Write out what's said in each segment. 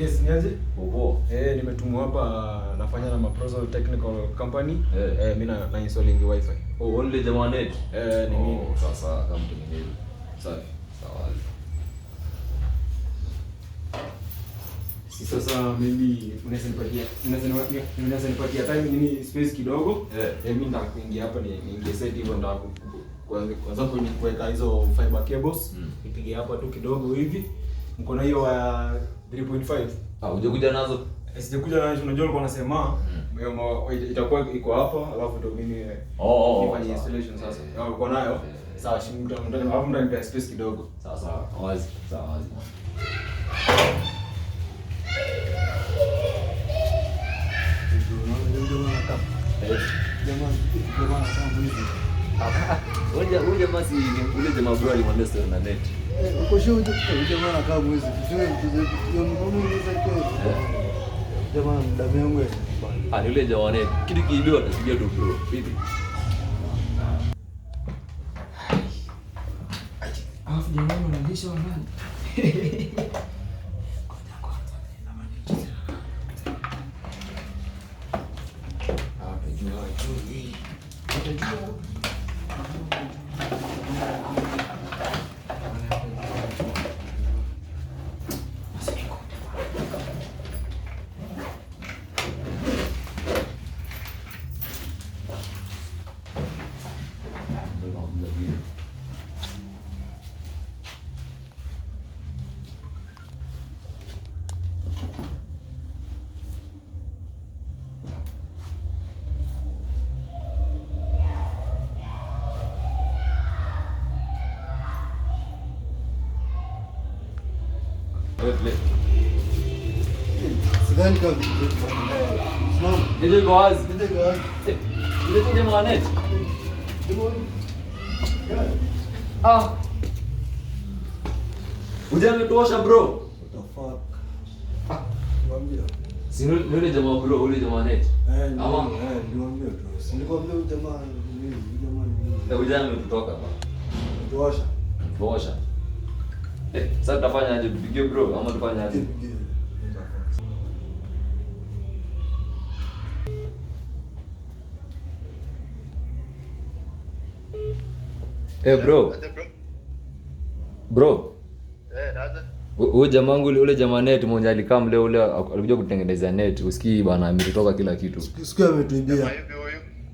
yes, niaje? Ovo. Eh, nimetumwa hapa nafanya na Maprozo Technical Company. Eh, eh mimi na na installing wifi. Oh, only the one net. Eh, ni mimi. Oh, sasa kama mtengenezaji. Safi. Sawa. Sasa sasa mimi unaweza nipatia unaweza nipatia unaweza nipatia time nini space kidogo. Eh, eh mimi kuingia hapa ni niingie set hivyo ndio kwanza kwanza kuweka hizo fiber cables. Mm. Nipige hapa tu kidogo hivi mkono hiyo wa 3.5 ah, hujakuja nazo sijakuja nazo. Unajua ulikuwa unasema itakuwa iko hapa, alafu ndio mimi oh, nifanye installation sasa. Na uko nayo sawa, shimu mtamtani, alafu mtanipa space kidogo. Sawa sawa, wazi sawa, wazi Jamani, jamani, jamani, jamani. Huyu jamaa si ule jamaa bro alimwambia sio na net. Uko sure eh, huyu jamaa anakaa mwizi. Sio jamaa mdamu yangu. Ah, yule jamaa net. Kitu kiibiwa atasikia tu bro. Vipi? Alafu jamaa ananisha wanani? Atajua, atajua. Atajua. Thank you. Ujanitosha bro. Yule jamaa bro, yule jamaa net. Ama nilikwambia jamaa, jamaa. Ujana umetutoka bro. Tosha. Tosha. Eh, sasa tutafanya aje? Tupigie bro ama tufanye aje? Eh, bro. Bro. Eh, jamaa wangu ule jamaa net mmoja ule alikuja kutengeneza net. Usikii bana ametutoka kila kitu. Usikii ametuibia.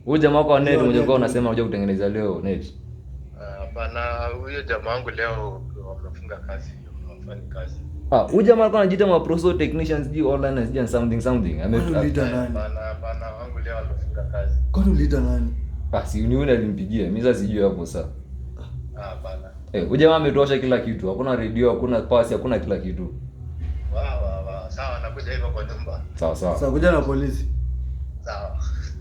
Huyo jamaa wako net mmoja unasema unajua kutengeneza leo net. Hapana, ah, huyo jamaa wangu leo mnafunga Ah, technicians ji online something something. nani? Bana bana wangu leo alifunga kazi. Kwani nani? Ah, si ni alimpigia. Mimi sasa sijui hapo sasa. Ah, bana. Eh, kila kitu. Hakuna radio, hakuna pasi, hakuna kila kitu. sawa, nakuja hivyo kwa nyumba. Sawa sawa. Sasa kuja na polisi. Sawa.